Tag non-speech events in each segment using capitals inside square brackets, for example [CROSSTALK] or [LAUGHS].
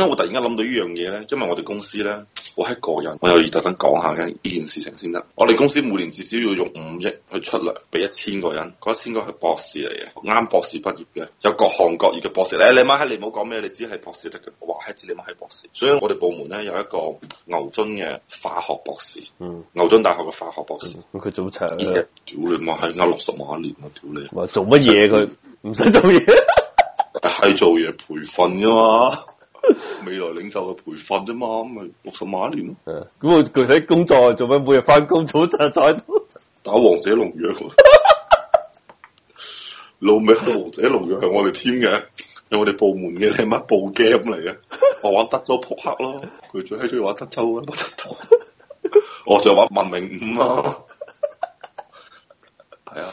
因為我突然間諗到呢樣嘢咧，因為我哋公司咧，我係一個人，我又要特登講下嘅呢件事情先得。我哋公司每年至少要用五億去出糧俾一千個人，嗰一千個係博士嚟嘅，啱博士畢業嘅，有各行各業嘅博士。誒，你媽閪，你唔好講咩，你只係博士得嘅，我閪知你媽係博士。所以我哋部門咧有一個牛津嘅化學博士，嗯，牛津大學嘅化學博士，佢早炒。屌你媽，係呃六十萬一年我屌你，脷。做乜嘢？佢唔使做嘢，係做嘢培訓噶嘛。未來領袖嘅培訓啫嘛，咪六十萬一年咯。咁佢具體工作做咩？每日翻工早就早到打王者農藥， [LAUGHS] 老味王者農藥係我哋添嘅，係我哋部門嘅。你乜部 game 嚟嘅？ [LAUGHS] 我玩德州撲克咯。佢 [LAUGHS] 最喜中意玩德州乜 [LAUGHS] 我就玩文明五 [LAUGHS] 啊，係啊。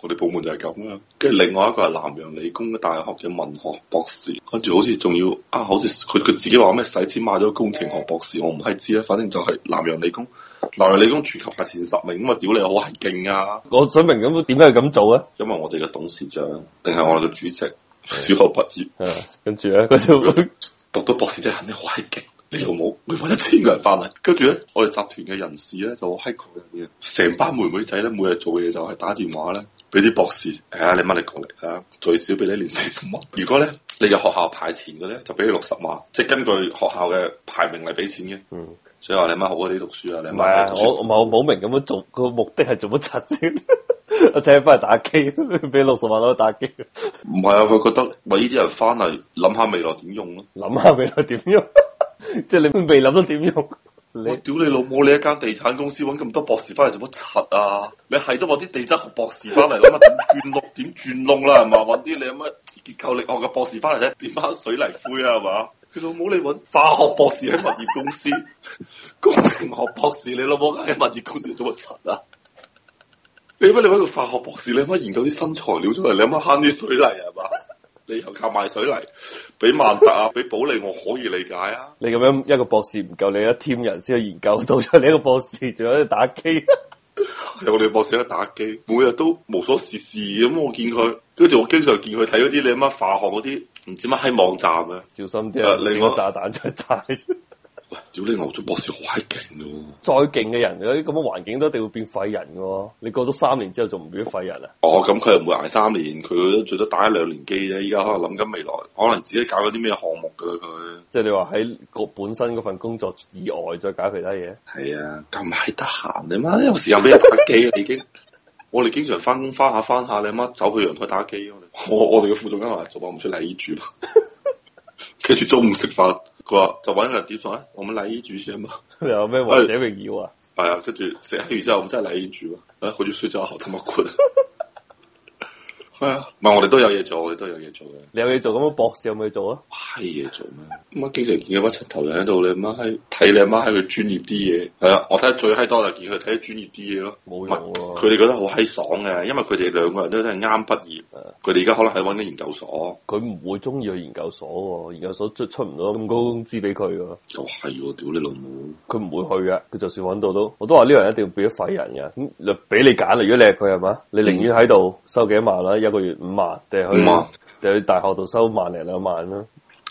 我哋部門就係咁啦，跟住另外一個係南洋理工嘅大學嘅文學博士，跟住好似仲要啊，好似佢佢自己話咩使錢買咗工程學博士，我唔係知啦，反正就係南洋理工，南洋理工全球排前十名，咁啊屌你，好係勁啊！我想明咁點解係咁做啊？因為我哋嘅董事長，定係我哋嘅主席，小學畢業，跟住咧，佢就 [LAUGHS] 讀到博士真，真係肯定好係勁。你會 1, 呢條冇，我搵一千個人翻嚟，跟住咧，我哋集團嘅人士咧就 hi 佢嘅，成班妹妹仔咧每日做嘅嘢就係打電話咧，俾啲博士係啊、哎，你媽你過嚟啊，最少俾你年四十萬。如果咧你嘅學校排前嘅咧，就俾你六十萬，即、就、係、是、根據學校嘅排名嚟俾錢嘅。嗯，所以話你媽好嗰啲讀書啊，你唔係啊，啊書我唔係好明咁樣做個目的係做乜柒先？ [LAUGHS] 我請佢翻嚟打機，俾六十萬攞去打機。唔係啊，佢覺得為呢啲人翻嚟諗下未來點用咯，諗下未來點用。即係你未諗到點用？我屌你老母！你一間地產公司搵咁多博士翻嚟做乜柒啊？你係都搵啲地質學博士翻嚟諗下鑽窿點鑽窿啦，係嘛？搵啲你有乜結構力學嘅博士翻嚟啫，點拋水泥灰啊？係嘛？佢老母你搵化學博士喺物業公司，工程學博士你老母喺物業公司做乜柒啊？你有乜你搵個化學博士，你有乜研究啲新材料出嚟，你有乜慳啲水泥啊？係嘛？你又靠賣水泥，俾萬達、俾保利，我可以理解啊！ [LAUGHS] 你咁樣一個博士唔夠，你一 team 人先去研究到，你一個博士仲喺度打機。 [LAUGHS] [LAUGHS] 我哋博士喺度打機，每日都無所事事咁。我見佢，跟住我經常見佢睇嗰啲你乜化學嗰啲，唔知乜喺網站啊，小心啲，啊外。你個炸彈出去炸。 [LAUGHS] 喂，屌你牛津博士好閪勁咯！再勁嘅人，有啲咁嘅環境都一定會變廢人嘅喎。你過咗三年之後，就唔變廢人啊？哦，咁佢又唔會挨三年，佢最多打一兩年機啫。依家可能諗緊未來，可能自己搞咗啲咩項目噶啦。佢即係你話喺個本身嗰份工作以外，再搞其他嘢。係啊，咁閪得閒你媽有時候俾人打機啊？ [LAUGHS] 你已經我哋經常翻工翻下翻下，你媽走去陽台打機。我哋嘅副總監今日 [LAUGHS] 做乜唔出嚟住啦，跟住中午食飯。哥，再、啊、玩點地方，我們來一局先吧。誰還有咩王者榮耀啊？哎呀，這局誰還餘下，我們再來一局吧。哎，回去睡覺，好，他媽困。 [LAUGHS] 係啊，唔係我哋都有嘢做，我哋都有嘢做嘅。你有嘢做，咁博士有冇嘢做啊？閪嘢做咩？咁啊，經常見到班七頭人喺度，你媽閪睇你阿媽喺度專業啲嘢。係啊，我睇最閪多就見佢睇啲專業啲嘢咯。冇用，佢哋覺得好閪爽嘅，因為佢哋兩個人都真係啱畢業。佢哋而家可能喺揾緊研究所。佢唔會中意去研究所，研究所出唔到咁高工資俾佢嘅。就係、啊，屌你老母！佢唔會去嘅，佢就算揾到都，我都話呢個人一定要變咗廢人嘅。咁你俾你揀，如果叻佢係嘛，你寧願喺度收幾萬啦。一個月五萬，定係去？定係去大學度收萬零兩萬咯。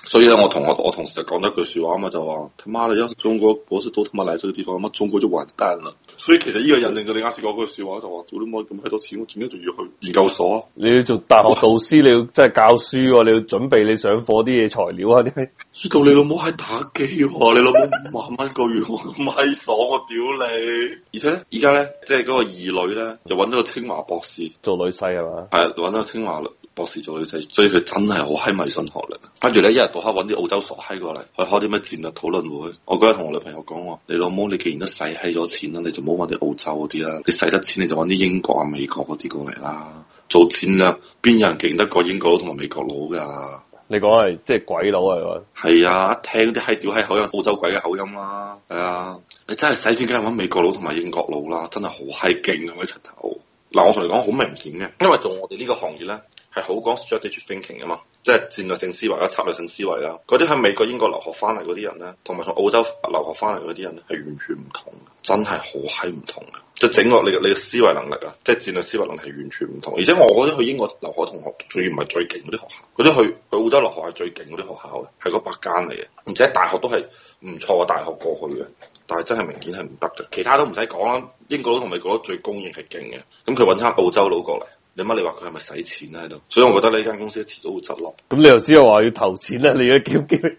所以咧，我同我我同事就講咗一句説話啊嘛，就話，他媽咧，一中國博士都他媽嚟，這個地方咁中國就完蛋啦。所以其實呢個人令咗你啱先嗰句説話，就話做都冇咁閪多錢，我點解仲要去研究所啊？你要做大學導師，哇你要即係教書喎，你要準備你上課啲嘢材料啊啲。到你老母喺打機喎，啊，你老母五萬蚊個月我，啊，我咁閪爽我屌你！而且而家咧，即係嗰個二女咧，就揾、是，到個清華博士做女婿係嘛？係揾到清華博士做女仔，所以佢真係好閪迷信學歷。跟住咧，一日到黑揾啲澳洲傻閪過嚟，去開啲咩戰略討論會。我嗰日同我女朋友講話，你老母，你既然都使閪咗錢啦，你就唔好揾啲澳洲嗰啲啦。你使得錢，你就揾啲英國啊、美國嗰啲過嚟啦。做戰略邊有人勁得過英國佬同埋美國佬噶？你講係即係鬼佬係嘛？係啊，一聽啲閪屌閪口音，澳洲鬼嘅口音啦、啊。係啊，你真係使錢梗係揾美國佬同埋英國佬啦，真係好閪勁咁嘅程度。嗱，我同你講好明顯嘅，因為做我哋呢個行業咧。係好講 strategy thinking 啊嘛，即係戰略性思維啦、策略性思維啦，嗰啲喺美國、英國留學翻嚟嗰啲人咧，同埋從澳洲留學翻嚟嗰啲人咧，係完全唔同嘅，真係好閪唔同嘅，即係整落你嘅你嘅思維能力啊，即係戰略思維能力係完全唔同。而且我覺得去英國留學同學，仲要唔係最勁嗰啲學校，嗰啲去去澳洲留學係最勁嗰啲學校嘅，係嗰百間嚟嘅，而且大學都係唔錯嘅大學過去嘅，但係真係明顯係唔得嘅。其他都唔使講啦，英國佬同美國佬最公認係勁嘅，咁佢揾返澳洲佬過嚟。你乜？你話佢係咪使錢咧喺度？所以我覺得呢間公司遲早會執笠。咁、嗯、你頭先又話要投錢啦、啊？你而家驚唔驚？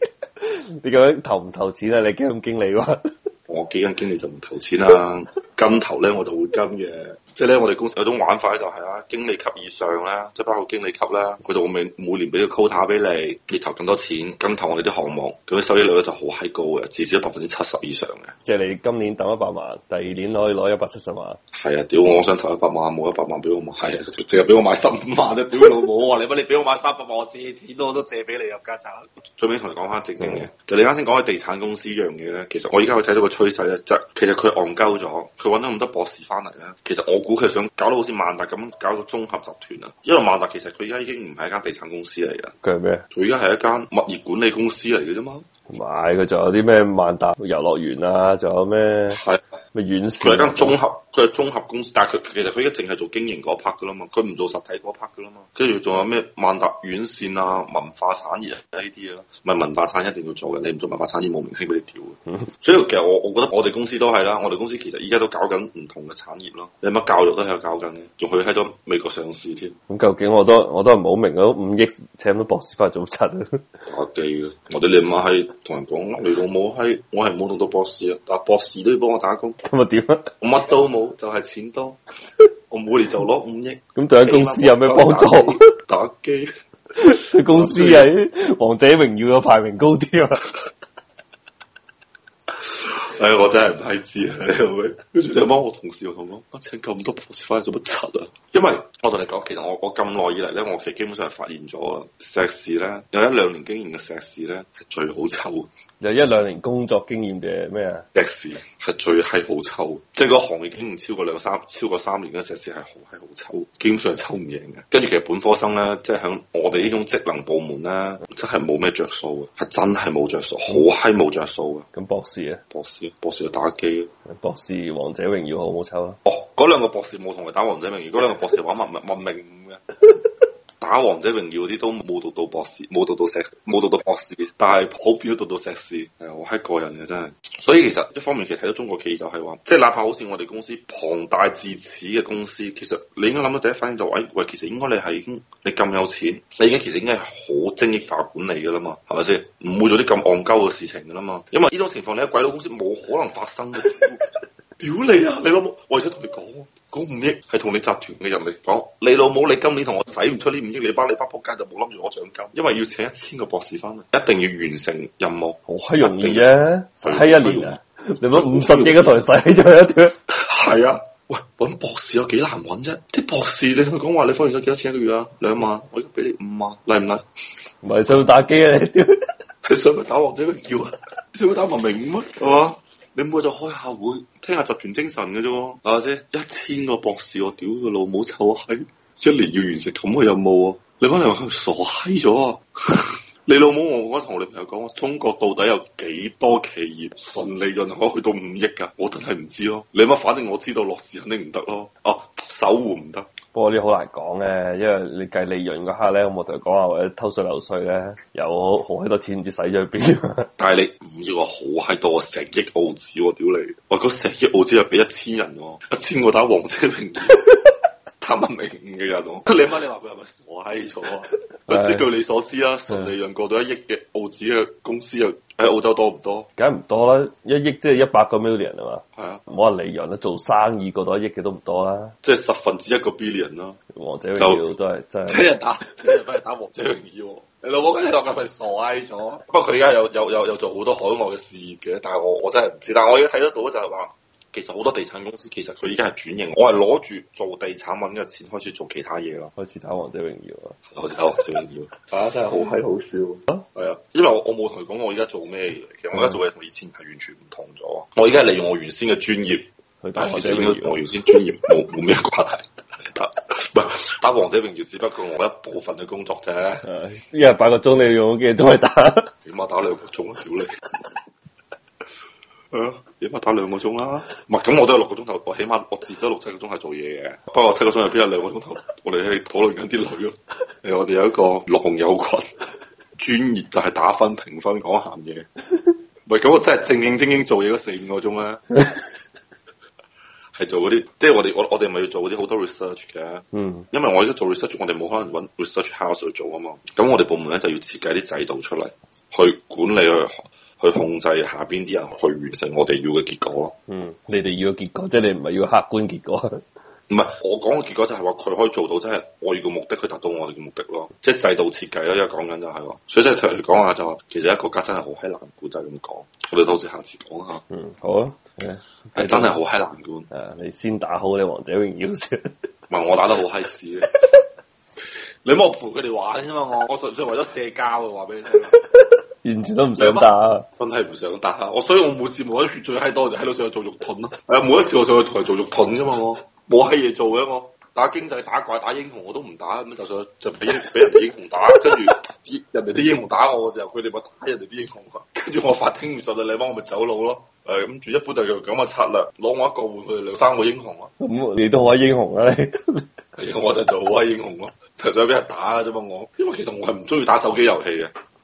你究竟投唔投錢啦？你驚唔驚你我幾驚經理就唔投錢啦。跟投咧，我就會跟嘅。即係咧，我哋公司有種玩法咧，就係、是、啦，經理級以上咧，即係包括經理級咧，佢就會每每年俾個 quota 俾你，你投咁多錢，跟投我哋啲項目，咁啲收益率咧就好閪高嘅，至少百分之七十以上嘅。即係你今年投一百萬，第二年可以攞一百七十萬。係啊，屌！我想投一百萬，冇一百萬俾我買，係啊，直接俾我買十五萬啫，屌老母啊！你乜你俾我買三百萬，我借錢都都借俾你入家宅。 [LAUGHS] 最尾同你講翻正經嘅，嗯、就你啱先講嘅地產公司一樣嘢咧，其實我而家我睇到個趨勢咧，就是其實佢戇鳩咗，佢揾咗咁多博士翻嚟咧。其實我估佢想搞到好似萬達咁，搞一個綜合集團啊。因為萬達其實佢而家已經唔係一間地產公司嚟噶，佢係咩？佢而家係一間物業管理公司嚟嘅啫嘛。唔係，佢仲有啲咩萬達遊樂園啊？仲有咩？咪院線，佢係間綜合，佢係綜合公司，但係佢其實佢一直淨係做經營嗰 part 噶啦嘛，佢唔做實體嗰 part 噶啦嘛。跟住仲有咩萬達院線啊，文化產業呢啲嘢啦，咪、啊、文化產業一定要做嘅，你唔做文化產業，冇明星俾你屌、嗯、所以其實我我覺得我哋公司都係啦，我哋公司其實而家都搞緊唔同嘅產業咯。你乜教育都喺度搞緊嘅，仲可以喺咗美國上市添、啊。咁、嗯、究竟我都我都唔好明億啊，五億請咗博士翻去做乜？打機嘅，我哋連媽閪同人講，你老母閪，我係冇讀到博士啊，但係博士都要幫我打工。咁啊點啊？我乜都冇， [LAUGHS] 就係錢多。我每年就攞五億。咁對喺公司有咩幫助？打機，喺 [LAUGHS] 公司係《王者榮耀》嘅排名高啲啊！誒、哎，我真係唔太知、哎、後我我啊，你可唔可以？跟住你幫個同事同我，我請咁多博士翻嚟做乜柒啊？因為我同你講，其實我我咁耐以嚟咧，我其實基本上係發現咗碩士咧，有一兩年經驗嘅碩士咧係最好抽嘅。有一兩年工作經驗嘅咩啊？碩士係最係好抽，即係個行業經驗超過兩三超過三年嘅碩士係好係好抽，基本上係抽唔贏嘅。跟住其實本科生咧，即係響我哋呢種職能部門咧，真係冇咩着數嘅，係真係冇着數，好閪冇着數嘅。咁博士咧？博士。博士去打機，博士王者榮耀好唔好抽啊？哦，嗰兩個博士冇同佢打王者榮耀，嗰 [LAUGHS] 兩個博士玩文文文明嘅。 [LAUGHS] 打《王者榮耀》嗰啲都冇讀到，到博士，冇讀到碩士，冇讀到，到博士，但係普遍都讀到碩士。係、嗯、我係個人嘅真係，所以其實一方面其實睇到中國企業就係話，即係哪怕好似我哋公司龐大至此嘅公司，其實你應該諗到第一反應就係、是哎，喂其實應該你係，你咁有錢，你已經其實應該係好精益化管理噶啦嘛，係咪先？唔會做啲咁戇鳩嘅事情噶啦嘛。因為呢種情況，你喺鬼佬公司冇可能發生嘅。屌你 [LAUGHS] 啊！你老母，我而家同你講。嗰五億係同你集團嘅人嚟講，你老母，你今年同我使唔出呢五億，你包你包扑街就冇諗住我獎金，因為要請一千個博士翻嚟，一定要完成任務。好閪容易啫、啊，閪一,一年啊，用你搵五十幾嗰台使咗一條，係啊， [LAUGHS] [LAUGHS] 啊。喂，搵博士有幾難搵啫、啊？啲博士你同佢講話，你科完咗幾多錢一個月啊？兩萬，我而家俾你五萬，嚟唔嚟？唔係想打機啊？你 [LAUGHS] 你想邊打王者咩？要 [LAUGHS] 上想打文明咩？係嘛？ [LAUGHS] 你冇就開下會，聽下集團精神嘅啫、啊，係咪先？一千個博士，我屌佢老母臭、就、閪、是，一年要完成咁個任務啊！你乜你話傻閪咗啊？ [LAUGHS] 你老母我我同我女朋友講，中國到底有幾多企業純利潤可去到五億噶？我真係唔知咯、啊。你乜反正我知道樂視肯定唔得咯。哦、啊，搜狐唔得。我啲好難講嘅，因為你計利潤嗰刻咧，我冇同佢講話或者偷稅漏稅咧，有好閪多錢唔知使咗去邊。但係你唔要喎，好閪多，成億澳紙，我屌 [LAUGHS] [LAUGHS] 你，你！我嗰成億澳紙又俾一千人，一千個打王者榮耀。 [LAUGHS] [LAUGHS] 差明嘅阿董，你阿媽，你話佢係咪傻閪咗啊？即 [LAUGHS] 據你所知啦，純利潤過到一億嘅澳資嘅公司又喺澳洲多唔多？梗係唔多啦，一億即係一百個 million 啊嘛。係啊，冇話利潤啦，做生意過到一億嘅都唔多啦。即係十分之一個 billion 咯，王者榮耀都係就真係是。即係打，即係不如打王者榮耀。你老母， [LAUGHS] 你話佢係咪傻閪咗？ [LAUGHS] 不過佢而家有有有有做好多海外嘅事業嘅，但係我我，我真係唔知。但係我而家睇得到就係、是、話。其實好多地產公司，其實佢依家係轉型，我係攞住做地產揾嘅錢開始做其他嘢咯。開始打王者榮耀啊！打王者榮耀，打真係好嗨好笑啊！係啊，因為我我冇同佢講我而家做咩嘢，其實我而家做嘢同以前係完全唔同咗。我而家係利用我原先嘅專業去打王，王者呢個我原先專業冇冇咩關係。打打，打王者榮耀只不過我一部分嘅工作啫。一日八個鐘你用幾多鐘去打？起碼 [LAUGHS] 打兩個鐘少你。 [LAUGHS] 啊！起碼打兩個鐘啦，啊，唔係咁我都有六個鐘頭，我起碼我至少六七個鐘係做嘢嘅。不過七個鐘入邊有兩個鐘頭， [LAUGHS] 我哋係討論緊啲女咯。誒， [LAUGHS] 我哋有一個狼友群，專業就係打分、評分、講咸嘢。唔係咁，我真係正正經經做嘢都四五個鐘咧，係做嗰啲，即係我哋我我哋咪要做嗰啲好多 research 嘅。嗯，因為我而家做 research，我哋冇可能揾 research house 去做啊嘛。咁我哋部門咧就要設計啲制度出嚟，去管理佢。去控制下邊啲人去完成我哋要嘅結果咯。嗯，你哋要嘅結果，即係你唔係要客觀結果。唔係，我講嘅結果就係話佢可以做到，即係我要嘅目的，佢達到我哋嘅目的咯。即係制度設計啦，因為講緊就係、是、話，所以即係同佢講話就話、是，其實一個國家真係好閪難管，就係咁講。我哋到時下次講下。嗯，好啊。係、嗯、是在真係好閪難管。誒、啊，你先打好你王者榮耀先。唔係 [LAUGHS] 我打得好閪屎， [LAUGHS] 你冇陪佢哋玩啫嘛？我我純粹為咗社交啊，話俾你聽。 [LAUGHS] 完全都唔想打，真係唔想打。我所以我每次冇啲血最閪多，就喺度上去做肉盾咯。誒，每一次我上去同人做肉盾啫嘛，我冇閪嘢做嘅我，打經濟、打怪、打英雄我都唔打咁，就上就俾俾人哋 [LAUGHS] 英雄打。跟住人哋啲英雄打我嘅時候，佢哋咪打人哋啲英雄。跟住我法聽完就嚟，你幫我咪走佬咯。誒，咁住一般就用咁嘅策略，攞我一個換佢哋兩三個英雄咯。咁 [LAUGHS] 你都好閪英雄啊你？我就做好閪英雄咯， [LAUGHS] 就想俾人打嘅啫嘛。我因為其實我係唔中意打手機遊戲嘅。